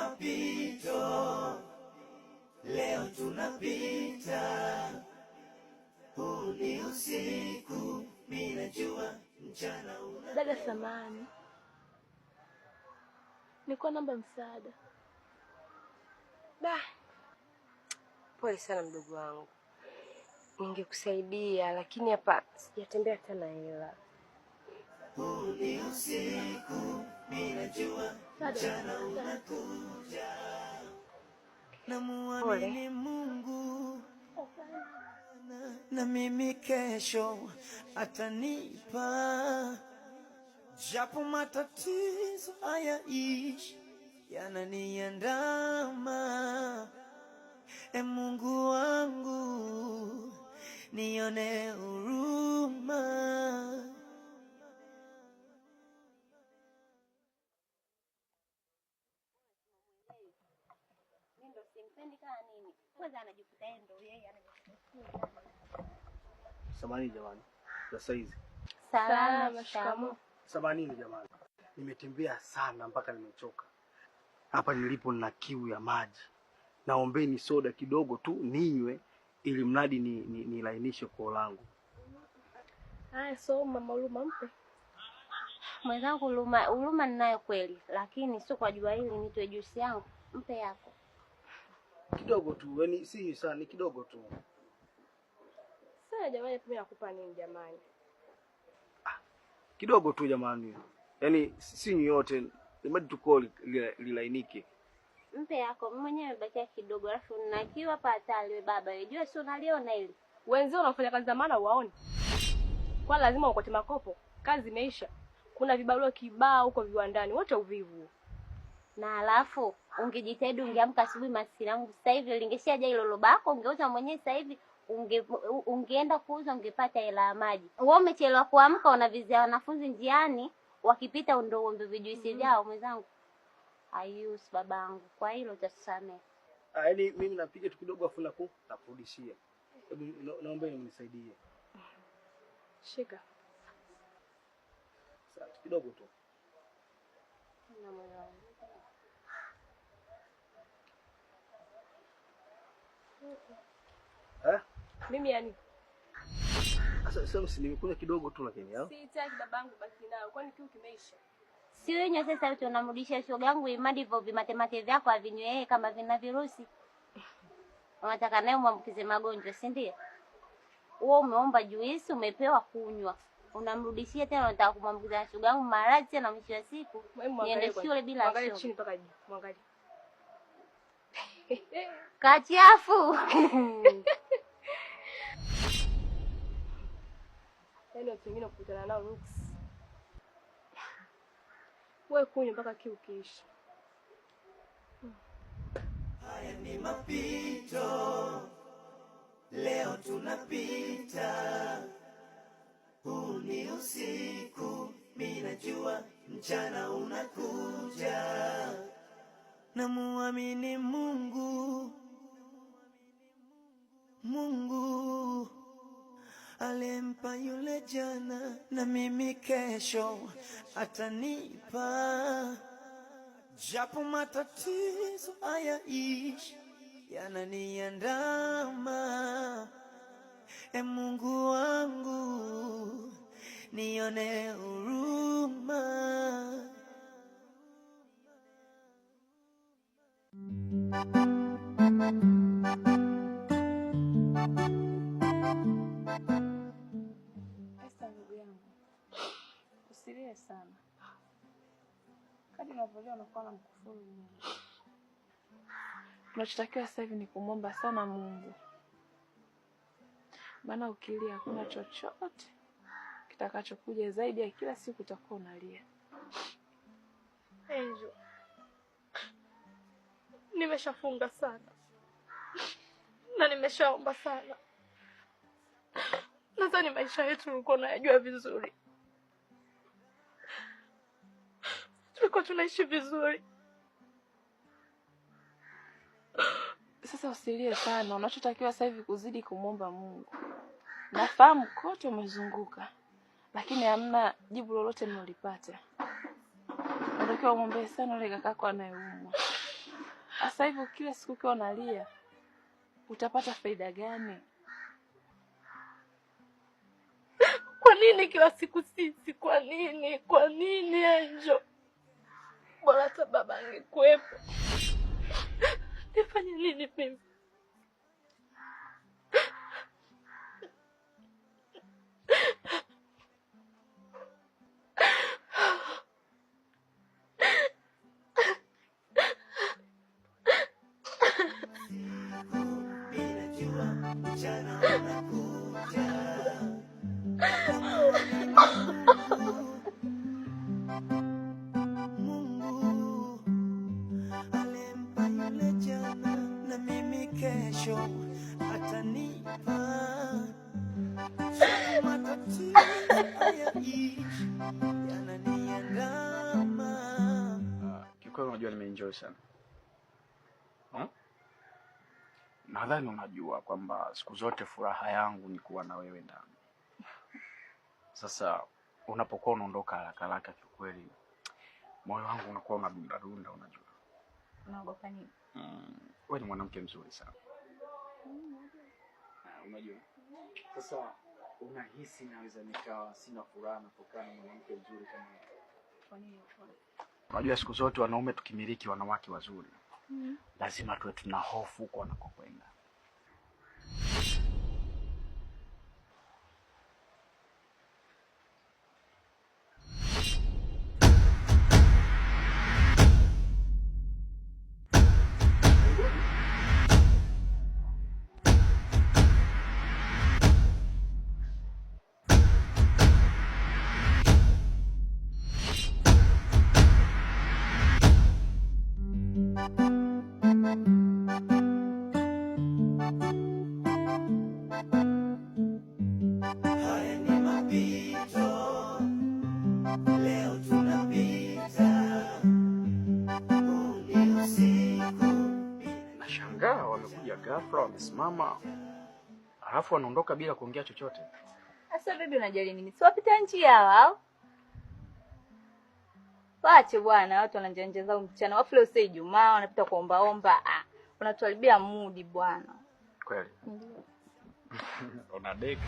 mapito, leo tunapita. Huu ni usiku, mimi najua mchana una. Dada samani, nilikuwa namba msaada. Bah, pole sana mdogo wangu, ningekusaidia lakini hapa sijatembea hata na hela. Huu ni usiku, mimi najua Mchana unakuja na muamini Mungu, na mimi kesho atanipa, japo matatizo haya ishi yananiandama. E Mungu wangu, nione huruma simpendi nini? Kwanza anajikuta yeye yeye anajikuta. jamani. Za saizi. Salama, shikamoo. Samahani jamani. Nimetembea sana mpaka nimechoka. Hapa nilipo nina kiu ya maji. Naombeni soda kidogo tu ninywe ili mradi nilainishe ni, ni koo langu. Haya, so mama Luma mpe mwenzangu. Luma, Luma ninayo kweli, lakini sio kwa jua hili nitwe juisi yangu. Mpe yako kidogo tu, yani si sana, ni kidogo tu Sasa Jamani, mimi nakupa nini jamani? Ah, kidogo tu jamani, yani si yote limadi tuko lilainike. Mpe yako mwenyewe amebakia kidogo, alafu nakiwa patali baba, unajua si unaliona hili wenzio unafanya kazi za maana uwaone, kwa lazima ukote makopo, kazi imeisha. Kuna vibarua kibao huko viwandani, wote uvivu na alafu ungejitahidi ungeamka asubuhi, maskini yangu, sasa hivi lingeshaja hilo lobako, ungeuza mwenyewe sasa hivi unge, ungeenda kuuza ungepata hela ya maji. Wewe umechelewa kuamka, unavizia wanafunzi njiani, wakipita ndo uombe vijuisi mm-hmm. vyao. Mwenzangu, ayus babangu, kwa hilo utatusamea. Ah, yaani mimi napiga tu kidogo, afu na kurudishia. Hebu naomba mnisaidie. shika kidogo tu na Eh? Mimi yani. Sasa sasa usinikunywe kidogo tu lakini au? Sitaki babangu baki nao. Kwani kiu kimeisha? Si wewe sasa uti unamrudisha shoga yangu imadi hivyo vimatemate vyako avinywee kama vina virusi. Unataka naye umwambukize magonjwa, si ndio? Wewe umeomba juisi umepewa kunywa. Unamrudishia tena unataka kumwambukiza shoga yangu maradhi tena mwisho wa siku. Niende shule bila shoga. Mwangalie chini mpaka juu. Mwangalie. kachafu Hello, yaani watu kukutana nao ruksi kunywa mpaka kiu kiisha. Haya ni mapito, leo tunapita. Huu ni usiku, mimi najua mchana unakuja, namuamini Mungu. alinipa yule jana, na mimi kesho atanipa, japo matatizo haya ishi yananiandama. E Mungu wangu nione huruma. Pole sana. Kadi unavyolia unakuwa na mkufuru Unachotakiwa sasa hivi ni kumwomba sana Mungu, maana ukilia hakuna chochote kitakachokuja zaidi ya kila siku utakuwa unalia. Angel, nimeshafunga sana na nimeshaomba sana, nadhani maisha yetu ulikuwa unayajua vizuri tulikuwa tunaishi vizuri. Sasa usilie sana, unachotakiwa sasa hivi kuzidi kumwomba Mungu. Nafahamu kote umezunguka, lakini hamna jibu lolote mlolipata. Unatakiwa umwombee sana yule kakako anayeumwa sasa hivi. Kila siku ukiwa unalia, utapata faida gani? Kwa nini kila siku sisi? Kwa nini? Kwa nini Angel? Bora hata baba angekuwepo. Nifanye nini mimi? Minajua mchana unakuja kesho atanipa unajua nimeenjoy sana hmm? Nadhani unajua kwamba siku zote furaha yangu ni kuwa na wewe ndani. Sasa unapokuwa unaondoka haraka haraka, kiukweli moyo wangu unakuwa unadundadunda unajua. Unaogopa nini? Mm wewe ni mwanamke mzuri sana. Ah, unajua sasa, unahisi naweza nikawa sina furaha napokaa na mwanamke mzuri kama huyo? Unajua siku zote wanaume tukimiliki wanawake wazuri, mm lazima tuwe tuna hofu huko wanakokwenda wamesimama alafu wanaondoka bila kuongea chochote. Sasa bibi, unajali nini? Si wapita njia wao wache bwana, watu wananjanja zao mchana, wafu leo si Ijumaa, wanapita kuombaomba. Ah, unatuharibia mudi bwana, kweli mm. unadeka